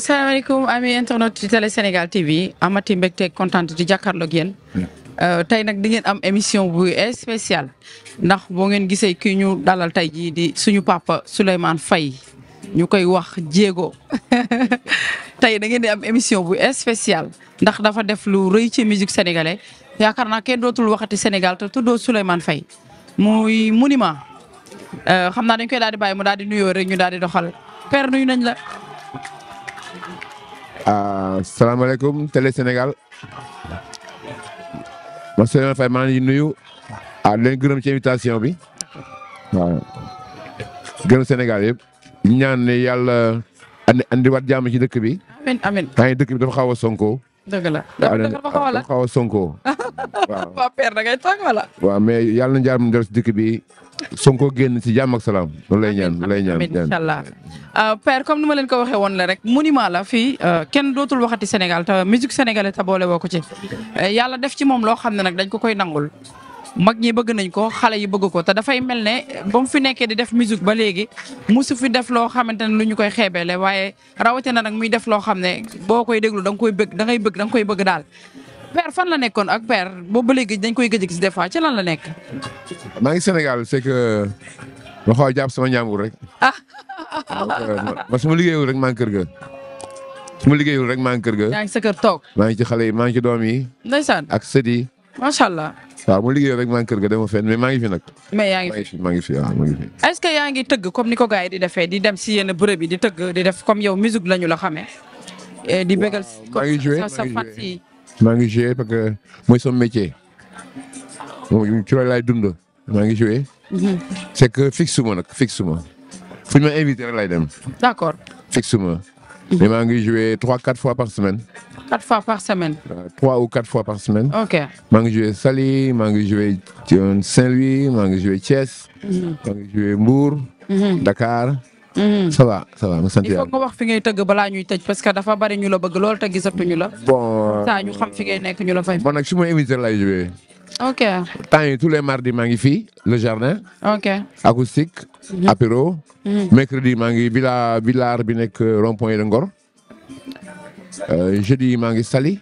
asalaamaaleykum ami internet ci télé Sénégal TV amati mbégte contente di jàkkaarloog yéen euh, tey nag di ngeen am émission bu spéciale ndax boo ngeen gisee kii ñu dalal tey jii di suñu papa Souleymane Faye ñu koy wax jéego tey dangeen di am émission bu spéciale ndax dafa def lu rëy ci musique sénégalais yaakaar naa kenn dootul waxati Sénégal te tuddoo Souleymane Faye muy monument euh, xam naa dañ koy daal di bàyyi mu daal di nuyoo rek ñu daal di doxal père nuyu nañ la. asalaamaaleykum euh, télé Sénégal ma Souleymane Faye maa ngi nuyu ah gërëm ci invitation bi waaw gërëm Sénégal yëpp ñu ñaan ne yàlla andi andiwaat jàmm ci dëkk bi. amiin amiin dëkk bi dafa xaw a sonko. dëgg la dafa xaw a sonko. waaw waaw père wala. waaw mais yàlla na jaar mu dëkk bi. Sonko génn si jàmm ak salaam. loolu lay ñaan loolu lay ñaan amiin incha euh, comme ni ma leen ko waxee woon la rek monument la fii euh, kenn dootul waxati Sénégal te musique sénégalaise te boole woo ko ci. Euh, yàlla def ci moom loo xam ne nag dañ ko koy nangul mag ñi bëgg nañ ko xale yi bëgg ko te dafay mel ne ba mu fi nekkee di def musique ba léegi musu fi def loo xamante ne lu ñu koy xeebeele waaye rawatina nag muy def loo xam ne boo koy déglu da nga koy bëgg da ngay bëgg da koy bëgg daal. per fan la nekkoon ak père boobu ba léegi dañ koy gëj gis des fois ci lan la nekk. maa ngi Sénégal c'est que ma xaw a jàpp sama ñaamur rek. ah euh, ma su ma liggéeyul kër ga. su ma liggéeyul rek kër ga. yaa ngi toog. maa ngi ci xale yi maa ngi ci doom yi. ndeysaan ak sët yi. macha allah. waaw ma liggéeyul rek maa kër ga dama fenn mais maa ngi fi nag. mais yaa ngi fi maa ngi fi yaa ngi tëgg comme ni ko gars yi di defee di dem si yenn bërëb yi di tëgg di def comme yow musique lañu la xamee. Eh, di bégal sa sa fàtt maa ngi joué parce que mooy sama métier moom ci loolu laay dund maa ngi joué. Mhm. c' que fixe ma nag fixe ma fu ñu ma invité rek laay dem. d' fixe ma. mais maa ngi joué trois quatre fois par semaine. quatre fois par semaine. Euh, trois ou quatre fois par semaine. ok maa ngi joué Saly maa ngi joué euh, Saint-Louis maa ngi joué Thiès. Mhm. maa ngi joué Mbour. Mhm. Dakar. Mm-hmm. ça va ça va ma sant nga wax fi ngay tëgg balaa ñuy tëj parce que dafa bari ñu la bëgg lool te gisatuñu la. bon saa ñu xam fi ngay nekk ñu la fay. bon nag su ma invité lay jógee. ok temps yi tous les maa ngi fii le jardin. ok acoustique. Mm-hmm. apéro. Mm-hmm. mercredi maa ngi villa villard bi nekk euh, rond point yi Ngor. Euh, jeudi maa ngi Saly.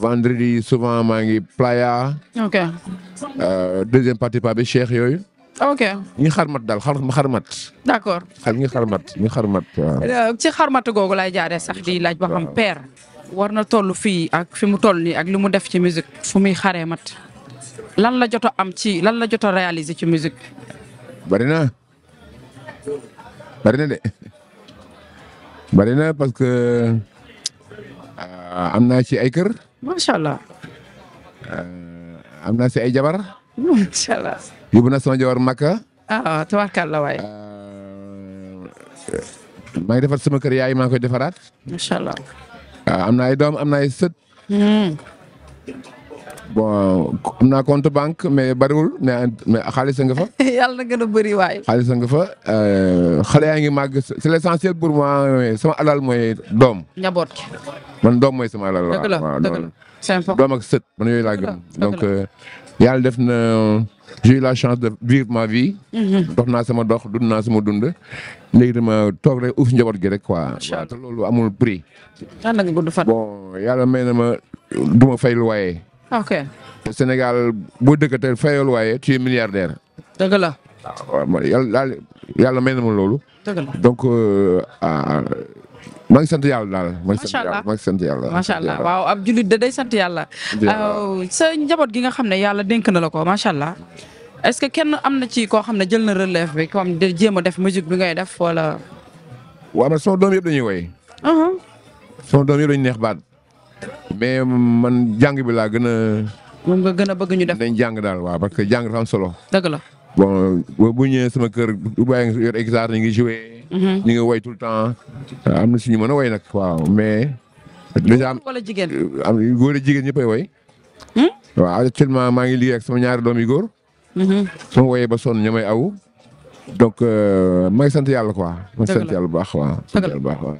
vendredi souvent maa ngi Playa. ok euh, deuxième partie Pape Cheikh yooyu. ok ñu xarmat daal xar xarmat. d' accord xar ñu xarmat ñu xarmat waaw. Euh, ci xarmat googu laay jaaree sax di laaj ba xam père. war na toll fii ak fi mu toll nii ak li mu def ci musique fu muy xaree mat lan la jot am ci lan la jot a réaliser ci musique bari na bari na de bari na parce que euh, am naa ci ay kër. macha allah. Euh, am naa ci ay jabar. yóbbu na sama jabar Makka. ah tabarkalla waay. Euh, maa ngi defar sama kër yaay maa koy defaraat. macha allah. Ah, am na ay doom am na ay sët. Hmm. bon am naa compte banque mais bariwul mais xaalis nga fa. yàlla na gën a bëri waay. xaalis nga fa euh, xale yaa ngi màgg c'est l'essentiel pour moi euh, sama alal mooy doom. njaboot man doom mooy sama alal. dëgg la doom ak sët man yooyu laa gëm donc yàlla def na. j'ai eu la chance de vivre ma vie. Mhm. dox naa sama dox dund naa sama dund. léegi ma toog rek uuf njaboot gi rek waa waaw te loolu amul prix. ànd ak bon yàlla may na ma du ma fay loyer. ok te Sénégal boo dëkkatee fayoo loyer tu es milliardaire. dëgg ah, yàlla yàlla may na ma loolu. dëgg donc. Euh, maa ngi sant yàlla daal maa ngi sant yàlla maa ngi sant yàlla macha waaw ab da day sant yàlla. sa njaboot gi nga xam ne yàlla denk na la ko macha allah. est-ce que kenn am na ci koo xam ne jël na relève bi comme de jéem a def musique bi ngay def wala. waaw man sama doom yëpp dañuy woy. Uh-huh. sama doom yëpp dañu neex baat. mais man jàng bi laa gën a. moom nga gën a bëgg ñu def. nañ jàng daal waaw parce que jàng dafa am solo. dëgg la bon bu ñëwee sama kër bu bàyyi yor hectare ngi joué. ñu mm-hmm. ngi woy tout temps euh, am na si ñu mën a woy nag waaw mais. dèjà am wala jigéen am góor a jigéen ñëppay woy. Hmm? waaw actuellement maa ngi liggéey ak sama ñaari doom yu góor. Mm-hmm. su ma woyee ba sonn ñamay aw. donc euh, may sant yàlla quoi. dëgg la sant yàlla bu baax waa sant yàlla baax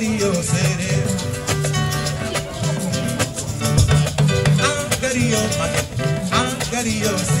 Angario seré. Angario, Angario seré.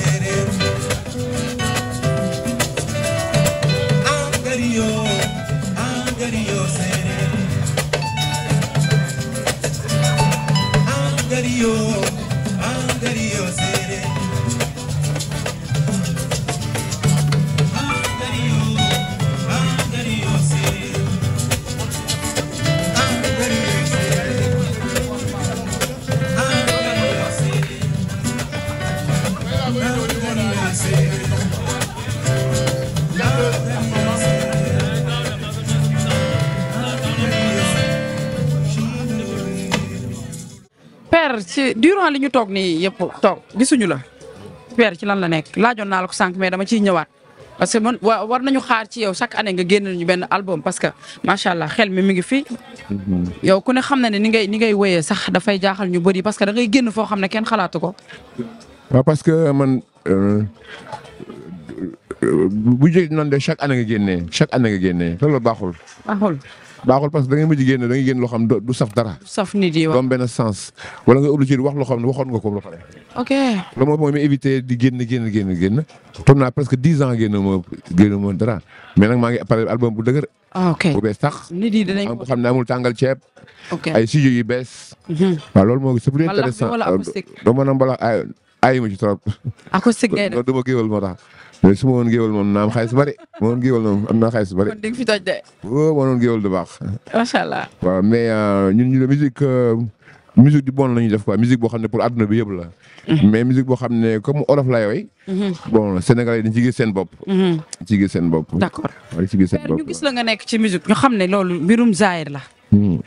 durant li ñu toog nii yëpp to gisuñu la père ci lan la nekk laajoon naa la ko sànq mais dama ciy ñëwaat parce que man war nañu xaar ci yow chaque année nga génn ñu benn album parce que macha allah xel mi mi ngi fi. yow ku ne xam na ne ni ngay ni ngay wéyee sax dafay jaaxal ñu bëri parce que da génn foo xam ne kenn xalaatu ko. waaw parce que man euh, bu jëlee noon de chaque année nga génnee chaque année nga génnee loolu baaxul. baaxul parce que da ngay mujj génn da ngay génn loo du saf dara. doom benn sens. wala nga obligé di wax loo xam waxoon nga ko ba pare. ok loolu mooy génn génn génn génn toog naa presque dix ans génn ma génn ma dara mais nag maa ngi pare album bu dëgër. Ah, bu bees tax. nit yi dinañ xam ne amul tàngal ceeb. ok ay studio bees. Mhm. waaw loolu moo c'est plus intéressant. mbalax bi wala acoustique. Euh, a mbalax ay ay ma ci trop. acoustique ngay mais su ma woon géwél moom naa am xaalis bari ma woon géwél moom am naa xaalis bari. kon di nga fi toj de. waaw ma woon géwél du baax. macha allah. waaw mais euh, ñun ñu ne musique euh, musique du bon la ñuy def quoi musique boo xam ne pour adduna bi yëpp la. Mhm. mais musique boo xam ne comme olof lay way. Mhm. bon Sénégalais dañ ci gis seen bopp. Mhm. dañ ci gis seen bopp. d'accord dañ ci gis seen bopp ñu gis la nga nekk ci musique ñu xam ne loolu mbirum zaayir la.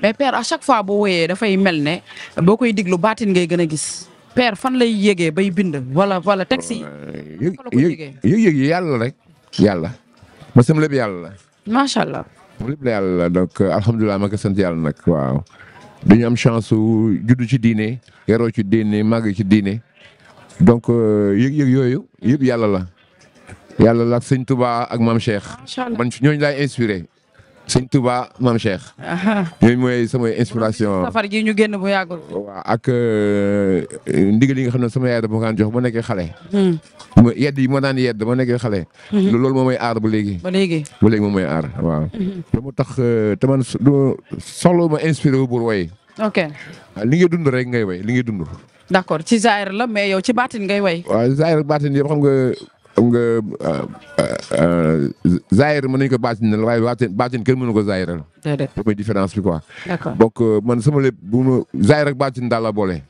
mais père à chaque fois boo woyee dafay mel ne boo koy diglu baatin ngay gën a gis. père fan lay yégee bay bind wala wala taxi. yëg yëg yi yàlla rek. yàlla ma sam lépp yàlla la. macha allah. lépp yàlla la donc euh, alhamdulilah ma ko sant yàlla nag waaw. dañu am chance su juddu ci diine yaroo ci diine màgg ci diine donc yëg-yëg euh, yooyu yëpp yàlla la. yàlla la ak sëñ Touba ak maam Cheikh. man ñooñu laay sëñ Touba maam Cheikh. yooyu mooy samay inspiration. safar gi ñu génn bu yàggul. waaw ak euh, ndigal yi nga xam ne sama yaay dafa ma jox ma nekkee xale. Hmm. ma yedd yi ma daan yedd ma nekkee xale. Hmm. lool moom mooy aar ba léegi. ba léegi ba léegi moom mooy aar waaw. lu hmm. mu tax euh, te man soxla ma inspiré wu pour way. ok ah, li dund rek ngay way li ngay dund. ci zaahir la mais yow ci baatin ngay way. waaw baatin yëpp xam nga xam nga euh, euh, euh, zaahir mën nañu ko baatinal waaye baatin baatin kenn mënu ko zaahiral. déedéet loolu mooy bi quoi. d'accord donc man sama lépp bu ma zaahir ak baatin daal la boole.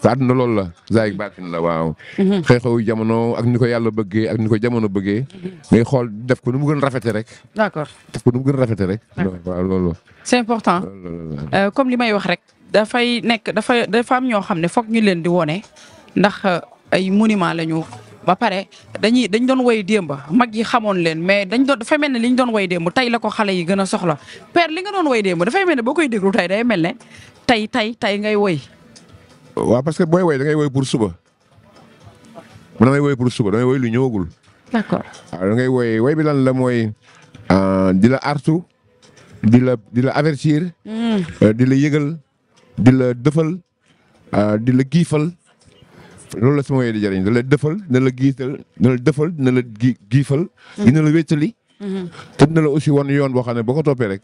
te àdduna loolu la zaahir ak baatin la waaw. Mhm. xew-xewu jamono ak ni ko yàlla bëggee ak ni ko jamono bëggee. ngay mhm. xool def ko nu mu gën a rafetee rek. d'accord def ko nu mu gën a rek. waaw loolu. c'est important comme li may wax rek. dafay nekk dafa dafa am ñoo xam ne foog ñu leen di wone ndax ay monument lañu ba pare dañuy dañ doon woy démb mag yi xamoon leen mais dañ doon dafay mel ne li ñu doon woy démb tey la ko xale yi gën a soxla père li nga doon woy démb dafay mel ne boo koy déglu tey day mel ne tey tey tey ngay woy. waaw parce que booy woy dangay ngay woy pour suba man damay woy pour suba damay woy lu ñëwagul. d'accord waaw da ngay woy woy bi lan la mooy euh, di la artu di la di la avertir. Hmm. Euh, di la yëgal di la dëfal euh, di la giifal. loolu la sama yooyu di jëriñ da la defal dina la giital dina defal dina la gi giifal. Mm-hmm. dina la wétali. Mm-hmm. te dina la aussi wan yoon boo xam ne boo ko toppee rek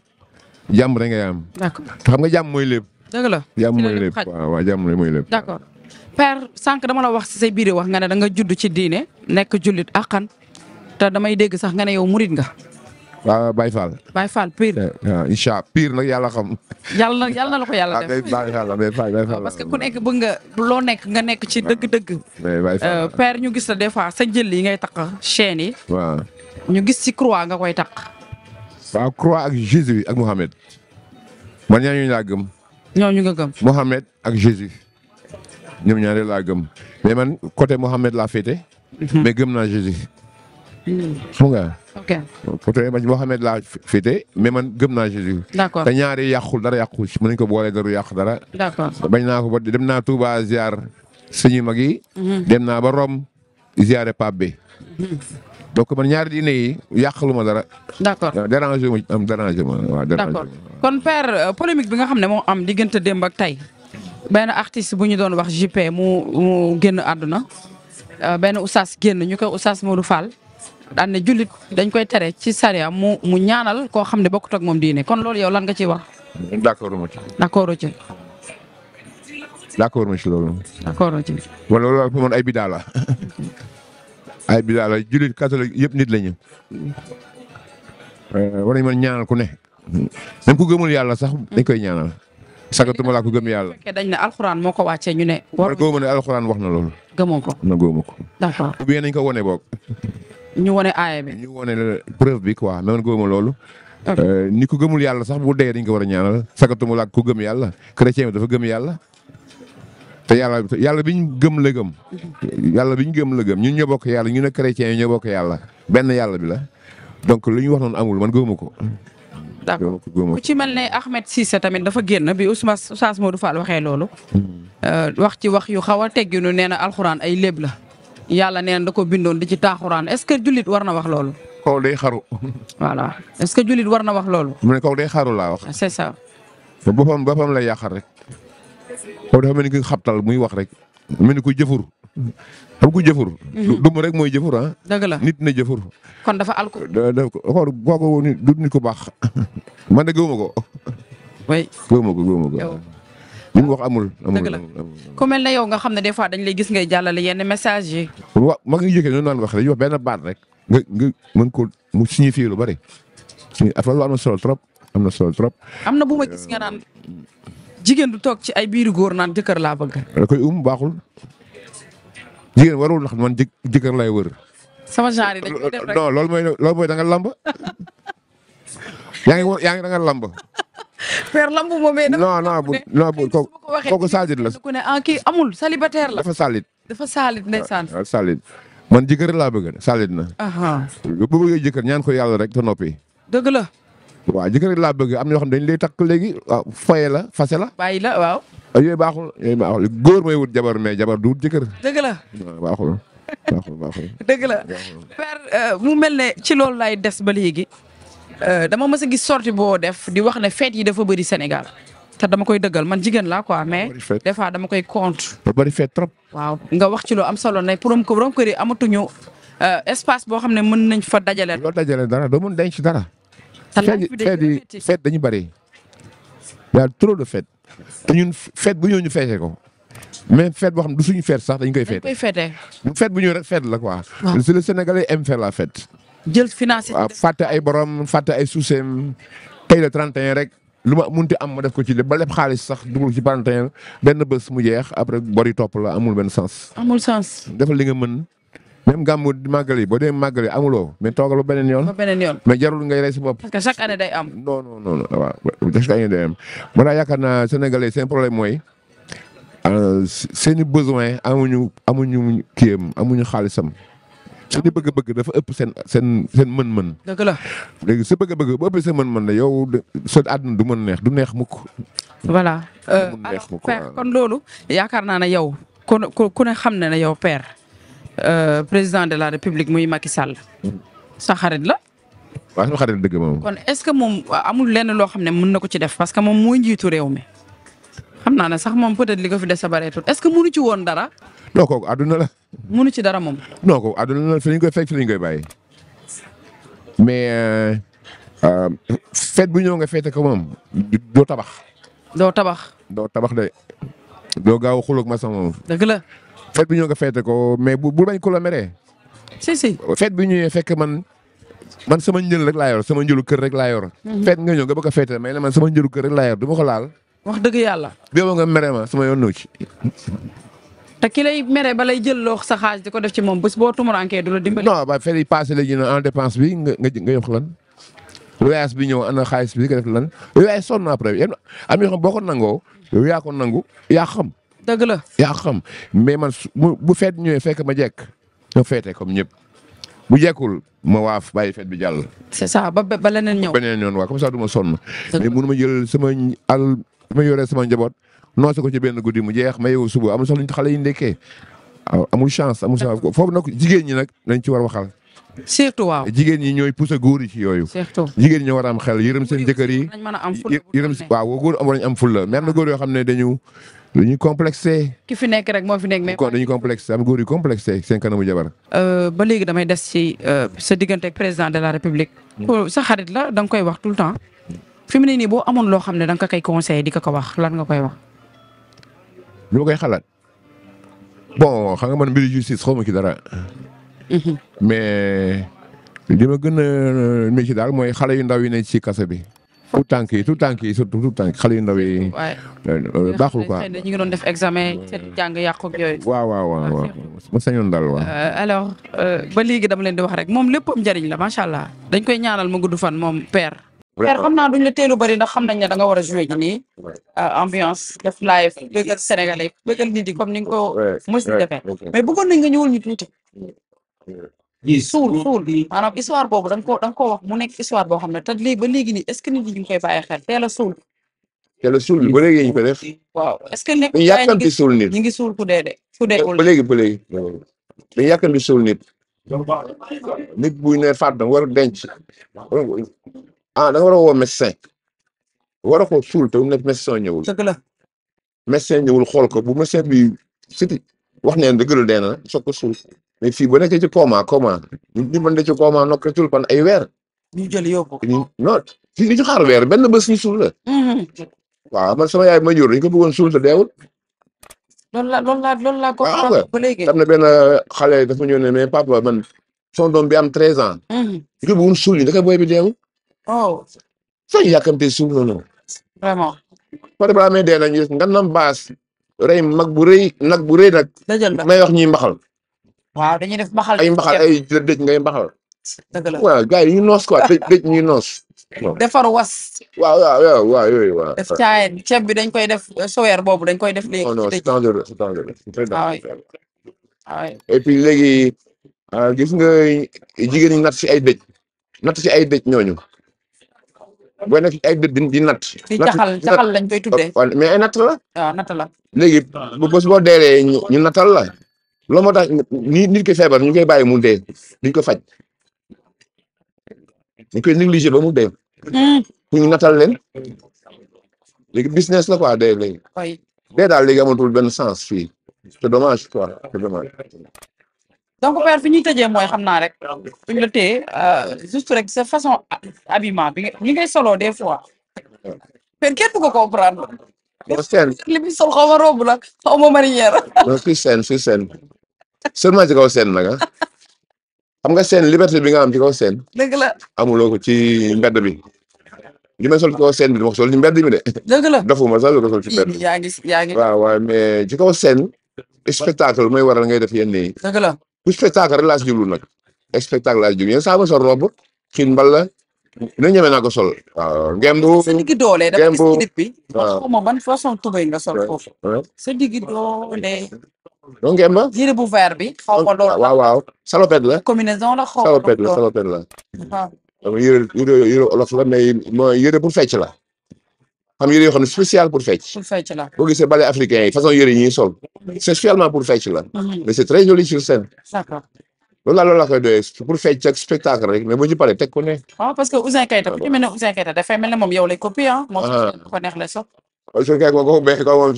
jàmm rek ngay am. d'accord te xam nga jàmm mooy lépp. dëgg la jàmm mooy lépp waaw waaw jàmm mooy lépp. d'accord père sànq dama la wax si biir wax nga ne da nga judd ci diine nekk jullit àqan te damay dégg sax nga ne yow murit nga. waaw Baye Fall. Baye Fall pire. waaw eh, eh, nag yàlla xam. yàlla na yàlla na la ko yàlla ah, def Baye Fall Baye parce que ku nekk bëgg nga loo nekk nga nekk ci eh, dëgg-dëgg. Euh, père ñu gis la des fois sa jël yi ngay takk chaîne yi. waaw ñu gis ci croix nga koy takk. waaw croix ak Jésus ak Mohamed. man ñaa ñu laa gëm. ñooñu nga gëm. Mohamed ak Jésus. ñoom ñaar laa gëm mais man côté Mohamed laa féete. Mhm. mais gëm naa Jésus. fu nga ok peut être Mohamed la féete mais man gëm naa Jésus. d' accord te ñaari yàqul dara yàqu ci mën nañu ko boole dara yàq dara. d' accord bañ naa ko ba dem naa Touba ziar suñu mag mhm. dem naa ba Rome ziare Pape bi. Mhm. donc man ñaari diine yi yàqalu ma dara. d' accord ah, dérangé ma am dérangé ma kon père euh, polémique bi nga xam ne moo am diggante démb ak tey benn artiste bu ñu doon wax JP mu mu génn àdduna euh, benn oustaz génn ñu koy oustaz Modou Fall. daan ne jullit dañ koy tere ci sariya mu mu ñaanal koo xam ne bokkut ak moom diine kon loolu yow lan nga ciy wax. d' ci. d' d' accord ma ci loolu. d' accord ci. man ay bidaa la ay bidaa la jullit catholique yëpp nit la euh, ku ne. même ku yàlla sax dañ koy ñaanal. sagatuma ko gëm yàlla. bu dañ ne alxuraan moo ko wàccee ñu ne. war gëmoo alxuraan wax na loolu. gëmoo ko na ko. d' accord nañ ko wane boog. ñu wone aaya bi. ñu wone preuve bi quoi man gëmuma loolu. Euh, ni ku gëmul yàlla sax bu dee dañ ko war a la sakatumul ak ko gëm yàlla chrétien bi dafa gëm yàlla. te yàlla yàlla bi ñu gëm la gëm. yàlla bi ñu gëm la gëm ñun ñoo bokk yàlla ñu ne chrétien yi ñoo yàlla benn yàlla bi la donc lu ñu wax noonu amul man gëmuma ko. d'accord ku ci mel ne Ahmed Cissé tamit dafa génn bi Ousmane Oustaz Modou Fall waxee loolu. Hmm. Euh, wax ci wax yu xaw a tegginu nee na alxuraan ay léeb la. yàlla neen da ko bindoon di ci taaxuraan est-ce que jullit war na wax loolu. kaw day xaru. voilà est-ce que jullit war na wax loolu. mu ne kaw day xaru laa wax. c'est ça. boppam boppam lay yàqal rek. kaw dafa mel ni ki muy wax rek. mel ni ku jëfur. xam ku jëfur. Mhm. dum rek mooy jëfur ah. dëgg la nit na jëfur. kon dafa alko. du nit ku baax. man de gëwuma ko. oui gëwuma ko gëwuma ko. li mu amul. dëgg la ku mel yow nga xam ne des fois dañ lay gis ngay jàllale yenn message yi. wa ma ngi yëkkati noonu naan wax dañuy wax benn baat rek nga nga ko mu signifier lu bari bare lu am na solo na solo trop. am na bu ma gis nga naan jigéen du toog ci ay biiru góor naan jëkkër laa bëgg. da koy um baaxul jigéen warul ndax man jë lay wër. sama genre yi dañ koy rek non loolu mooy loolu lamb yaa ngi yaa ngi lamb. père lamb moomee. non non bu non bu kooku kooku salit la. ku ne ah kii amul la. dafa salit. dafa salit ndeysaan. waaw ah, ah, salit man jëkkër laa bëgg de na. bu bëggee jëkkër ñaan ko yàlla rek te noppi. dëgg la. waaw jëkkër laa bëgg am na yoo xam ne dañ lay takk léegi foye la fase la. bàyyi la waaw. Ah, yooyu baaxul yooyu baaxul góor mooy wut jabar mais jabar du wut jëkkër. dëgg la baaxul baaxul baaxul. dëgg la père euh, mu mel ne ci loolu laay des ba léegi. Euh, dama mës a gis sorti boo def di wax ne fête yi dafa bëri Sénégal te dama koy dëggal man jigéen laa quoi mais. des dama koy compte. ba bëri fête trop. waaw nga wax ci loo am solo ne borom ko borom kër yi amatuñu euh, espace boo xam ne mën nañ fa dajale. loo dajale dara doo mën denc dara. fête yi fête dañu bari y trop de fête te ñun fête bu ñëw ñu feete ko. mais fête boo xam ne du suñu fête sax dañ koy. dañ koy fête bu fête bu ñëw rek fête la quoi. waaw le Sénégalais aime faire la fête. jël financé. waaw fàtte ay borom fàtte ay suuseem tey la 31 rek lu ma mun ti am ma def ko ci lépp ba lépp xaalis sax dugul ci 31 benn bés mu jeex après bor yi topp la amul benn sens. amul sens. defal li nga mën. même gàmmu màggal yi boo dee màggal amuloo mais toogal ba beneen yoon. ba mais jarul ngay rey si bopp. parce que chaque année day am. non non waaw chaque année day am. moo yaakaar naa sénégalais seen problème mooy euh, seen i besoin amuñu amuñu kiyam amuñu xaalisam. suñu bëgg-bëgg dafa ëpp seen seen seen mën-mën. dëgg la léegi sa bëgg-bëgg bu ëppee sa mën-mën la yow sa àdduna du mën neex du neex mukk. voilà euh, alors père kon loolu yaakaar naa ne yow ku ku ne xam na ne yow père euh, président de la république muy Macky Sall. Hmm. sa xarit la. waaw sama xarit dëgg moom. est-ce que moom amul lenn loo xam ne mën na ko ci def parce que moom mooy njiitu rew mi xam naa ne sax moom peut-être li ko fi des a bareetul est-ce que mënu ci woon dara. non kooku àdduna la. munu ci dara moom. non kooku àdduna la fi lañ koy fekk fi lañ koy bàyyi mais euh, euh, bu ñëw nga féete ko moom bu tabax. doo tabax. doo tabax de doo gaaw a xulóog ma sama moom. dëgg la. fête bu ñëw nga féete mais bu bu bañ ko la meree. si si fête bi ñëwee fekk man. man sama njël rek laa yor sama njëlu kër rek laa yor. Mhm. feet nga ñëw nga bëgg a feete may la sama njëlu rek laa yor du ma ko laal. wax dëgg yàlla. bi nga mere ma sama yoon ñëw ci. te ki lay mere ba lay jël loo sa xaalis di ko def ci moom bés boo tumurankee du la dimbali. non ba fay passé la ñu ne en dépense bi nga nga nga yokk lan. loyaas bi ñëw ana xaalis bi di ko def lan yooyu ay sonn après yéen am yoo xam boo ko nangoo yow yaa ko nangu la yaa xam mais man bu feet ñëwee fekk ma jekk ma feete comme ñëpp bu jekkul ma waaf bàyyi feet bi jàll. c'est ba ba leneen ñëw. beneen yoon waa comme ça ma sonn. mais mënu ma jël sama alal ma yore sama njaboot. noose ko ci benn guddi mu jeex ma yeewu suba sax jigéen ñi nag dañ ci war waxal. surtout waaw ñi ñooy pousse góor yi ci yooyu. surtout jigéen ñi war a am xel yërëm seen jëkkër yi. yërëm waaw góor am na góor yoo xam ne dañu dañuy complexé. ki fi nekk rek moo fi nekk mais. kon dañuy complexé am góor yu complexé seen kanamu jabar. Euh, ba léegi damay des ci euh, sa diggante président de la république. Mm. sa xarit la da nga koy wax tout le temps. fi mu ne nii boo amoon loo xam ne da nga ko koy conseillé di ko ko wax lan nga koy wax. lu koy xalaat bon xam nga man mbiru justice xaw ma ci dara. Mhm. mais li ma gën a euh, métti daal mooy xale yu ndaw yi ne ci kaso bi. tout tànk yi tout tànk yi surtout tout tànk xale yu ndaw yi. Euh, baaxul quoi ñu ngi doon def examen seen jàng yàqu ak yooyu. waaw waaw waaw ma sañoon daal waaw. Euh, alors ba léegi dama leen di wax rek moom léppam njëriñ la macha allah dañ koy ñaanal mu gudd fan moom père. père xam naa duñ la bari bëri xam nañ ne da nga war a joué ji nii euh, ambiance def live bëggal sénégalais bëggal nit yi comme ni nga ko mos di defee mais bëggoon nañ nga ñëwul ñu suul suul maanaam histoire boobu da nga ko da nga wax mu nekk histoire boo xam ne te lii ba léegi nii est-ce que nit yi ñu ngi koy bàyyi xel teel a suul teel a suul ba léegi ñu ko def waaw est-ce que nekk yàkkamti suul nit ñu ngi suul ku dee de ku deewul ba léegi ba léegi dañu yàkkamti suul ah da nga war a woo médecin war a ko suul te bu nekk médecin ñëwul. la médecin ñëwul xool ko bu médecin bi siti wax neen dëgg la dee na soog ko suul mais fii ba nekkee ci coma coma ñu mën de ci coma nokkatul pan ay weer. ñu jël yóbbu ñu non fii ñu xaar weer benn bés ñu suul la. Mm-hmm. wa man sama yaay ma jur dañ ko bëggoon suul te deewul. loolu la loolu la loolu la. Ah, ba léegi am na benn xale dafa ñëw ne mais papa man son doom bi am 13 ans. Mm-hmm. ñu ko bëggoon suul ñu da koy booy deewul. Oh, sañ yàkkamte suuf noonu vraiment. programme dee nañu nga ngandam baas rey mag bu rëy nag bu rëy nag. dajal la may wax ñuy mbaxal. waaw dañuy def baxal ay mbaxal ay dëj ngay mbaxal. dëgg la yi ñu noos quoi dëj dëj ñuy noos. defar was. waaw waaw waaw waaw yooyu waaw. def caayeen ceeb bi dañ koy def euh, soweer boobu dañ koy def. léegi non c'est dangereux c'est dangereux. et puis léegi euh, gis nga jigéen ñi natt si ay dëj natt si ay dëj ñooñu. boo nekk ay bët di di natt. di caxal lañ koy tuddee. mais ay la. waaw natt la. léegi bu bés boo deelee ñu natal la loolu moo tax ni nit feebar ñu koy bàyyi mu dee duñ ko faj ñu koy négligé ba mu dee. Hmm. pour ñu nattal leen léegi business la quoi dee léegi. dee daal léegi amatul benn sens fii c'est dommage quoi c'est donc père fi ñuy tëjee mooy xam naa rek bu ñu la téye euh, juste rek sa façon habillement bi ñi ngay soloo des fois père kenn du ko comprendre li bi sol xaw ma robe la xaw ma marinière fii seen sen seen seulement ci kaw seen nag ah. xam nga seen liberté bi nga am ci kaw seen dëgg la amuloo ko ci mbedd bi li may sol ci kaw seen bi dama ko sol ci mbedd mi de dëgg la dafuma sax lu ko sol ci mbedd yaa ngi yaa ngi waaw waaw mais ci kaw seen spectacle mooy waral ngay def yenn yi dëgg la bu spectacle la laa si jublu nag spectacle laa si jublu yéen ba sol robe xiin mbal la dina ñeme naa ko sol. waaw ngeen bu sa digg doole dafa gis clip ban façon tubay nga sol foofu. sa digg doole. donc ngeen bu vert bi. xaw ma loolu waaw waaw salopette la. combinaison la xaw ma la salopette la. waaw donc ah. yére yére olof la mais mooy bu fecc la. xam yëre yoo xam ne spécial pour fecc. pour fecc la boo gisee ballet africain yi façon yëre yi ñuy sol. spécialement pour fecc la. Mm-hmm. mais c'est très joli sur scène. d'accord loolu laa loolu pour fecc ak spectacle rek mais bu ñu paree teg ah, parce que Ouzin Keita ku ci mel ne Ouzin Keita dafay mel ne yow lay copier ah. moom ah. ko neex la sopp. parce que sol moom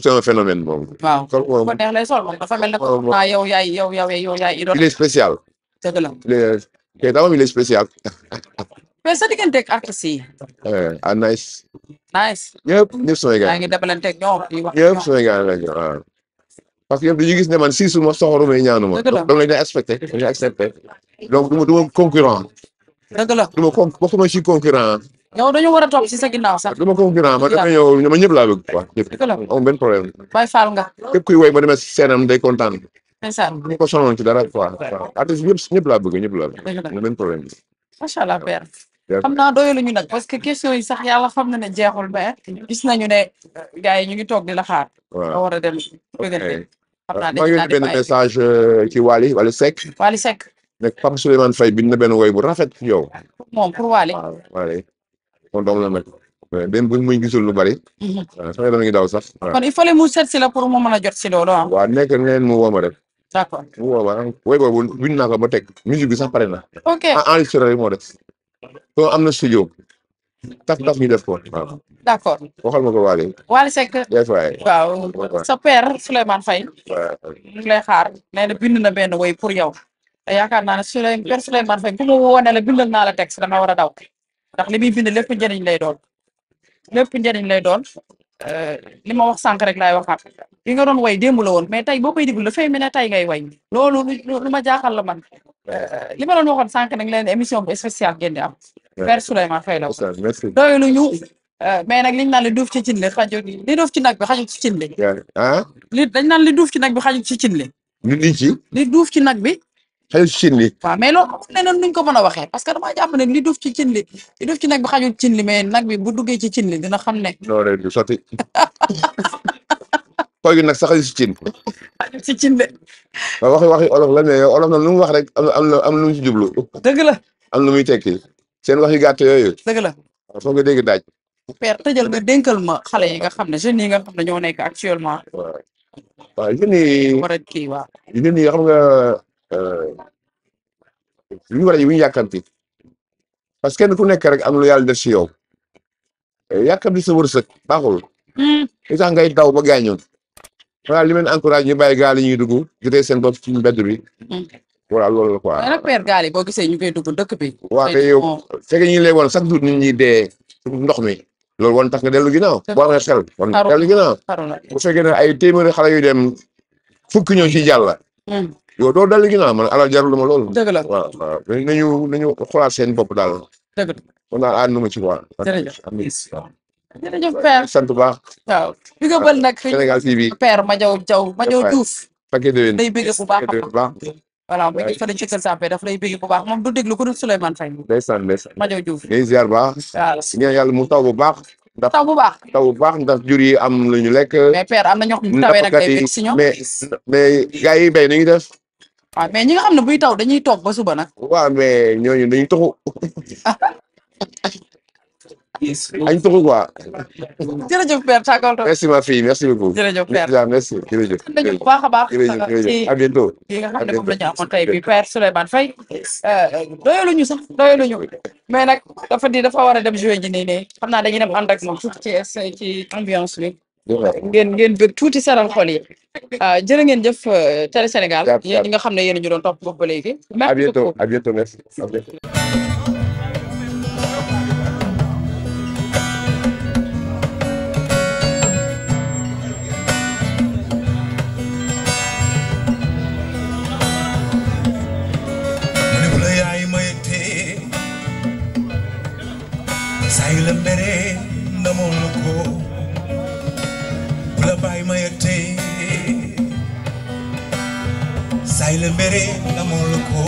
dafa mel ne ko ah yow yaay il est spécial. dëgg il est spécial. mais sa digganteeg artistes ah, yi. ah nice. nice. ñëpp ñëpp samay gars. maa ngi dabalanteeg ñoom di wax. ñëpp samay gars lañ waaw. Ah. parce que yëpp dañuy gis ne man si suma soxoru eh. eh. may ñaanu ma. dëgg la donc dañu respecté dañu accepté donc du ma du ma concurrent. dëgg la du ma con bokkuma ci concurrent. yow dañu war a topp si sa ginnaaw sax. du ma concurrent ma dama ñëw ma ñëpp laa bëgg quoi. dëgg la amul benn problème. bay faal nga. képp kuy woy ma demee seenam day kontaan. ndeysaan bu ko sonoon ci dara quoi. artiste yëpp ñëpp laa bëgg ñëpp laa bëgg. dëgg la amul benn problème. macha allah père. xam naa doyaluñu nag parce que question yi sax yàlla xam na ne jeexul ba gis nañu ne uh, gars yi ñu ngi toog di la xaar. waaw war a dem. xam naa dañu naan benn message uh, ci Waly Waly Seck. Waly Seck. nekk Pape Souleymane Faye bind na benn woy bu rafet ci yow. moom pour Waly. waaw Waly kon la nag. benn buñ muy gisul lu bari. Mhm. sax dama ngi daw sax. kon il fallait mu seet si la pour mu a jot si loolu ah. waaw nekk ngeen mu woo ma rek. mu woo woy boobu bind naa ko teg musique bi sax pare na. ok ah enregistré rek moo def. soo am na studio taf taf ñu def ko waaw d' accord waxal ma ko Waly. Waly sa père Souleymane Faye. waaw ñu ngi lay xaar nee na bind na benn woy pour yow. te yaakaar naa ne Souley père Souleymane Faye ku ma woo ne la bindal naa la texte danga war a daw ndax li muy bind lépp njëriñ lay doon lépp njëriñ lay doon Euh, li ma wax sànq rek laay waxaat li nga doon way démb la woon mais tey boo koy déglu dafay mel tey ngay way loolu lu ma jaaxal la man euh, li ma doon waxoon sànq nag leen émission bu spéciale ngeen di am. Père Souleymane Faye la ko. doylu ñu mais nag naan li duuf ci cin li xaju li duuf ci nag bi xaju ci cin li. ah. li dañ naan li duuf ci nag bi xaju ci cin li. li ci. li duuf ci nag bi. xëy cin mais loolu ne noonu nuñ ko a waxee parce que damaa jàpp ne li duf ci cin li li duf ci nag bi xajul cin mais nag bi bu duggee ci dina xam ne. non du sotti. koy gi nag sax xajul si cin. xajul si cin de. waaw waxi waxi olof la mais olof nag lu mu wax rek am na am lu mu ci jublu. dëgg la am lu muy tekki seen wax yu gàtt yooyu. dëgg la waaw dégg daaj. père tëjal nga dénkal ma xale yi nga xam ne jeunes yi nga xam ne ñoo nekk actuellement. waaw waaw jeunes yi. war a xam bu ñu war a bu ñu yàkkamti parce que kenn ku nekk rek am lu yàlla def si yow eh, yàkkamti sa wërsëg baaxul. Hmm. li tax ngay daw ba gaañoon. voilà li meen encourage ñu bàyyi gaal yi ñuy dugg jotee seen bopp ci mbedd bi. Hmm. voilà loolu la quoi. nag père ñu koy dugg dëkk bi. waaw kay yow fekk ñu lay woon chaque jour nit ndox mi. loolu woon tax nga dellu ginnaaw. boo amee xel woon dellu ginnaaw. bu fekkee ne ay téeméeri xale yu dem fukki ñëw ci yow doo dal ginnaaw man alal jarul ma loolu. dëgg la waaw waaw nañu nañu xoolaat seen bopp daal. dëgg la kon daal aar bi nga bëri nag. Sénégal TV père Madiaw Diaw Madiaw Diouf. fekkee déwén day bëgg bu a baax. voilà mu ngi fële ci Kër Sampé daf lay bëgg bu baax moom du mu taw bu baax. ndax taw bu bu baax ndax jur yi am lu ñu lekk. mais père am na ñoo xam ne tawee yi béy nañu def. waaw mais ñi nga xam ne buy taw dañuy toog ba suba nag. waaw mais ñooñu dañuy toxu. añ toxu quoi. jërëjëf père Thagoldou. merci ma fille merci beaucoup. jërëjëf a merci jërëjëf. jërëjëf baax a baax. jërëjëf euh, à bientôt. li xam ne moom la ñu amoon tey bi père Souleymane Faye. Euh, sax doyaluñu mais nag dafa di dafa war a dem jouer ji nii nii xam naa dañuy dem ànd ak moom ci ci ambiance bi. ngeen ngeen bëgg tuuti saral xol yi ah, jërë ngeen jëf euh, Télé Sénégal yéen ñi nga xam ne yéen ñu doon topp bopp ba léegi. à bientôt à bientôt merci yaay la mere damol ko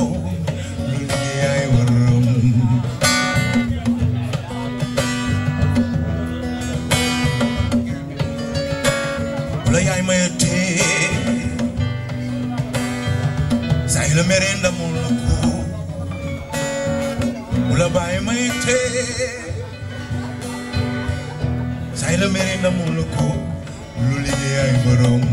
lu liggéey yaay waram la yaay maya tee saay la mere damol lu liggéey yaay waram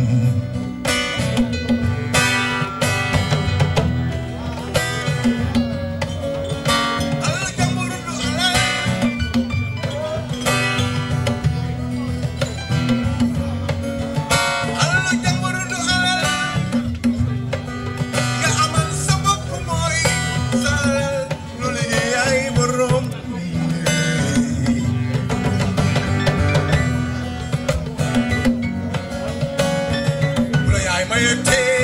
eternity.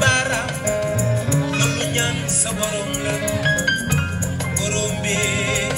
baaraam na mu ñaan sa borom la borom bi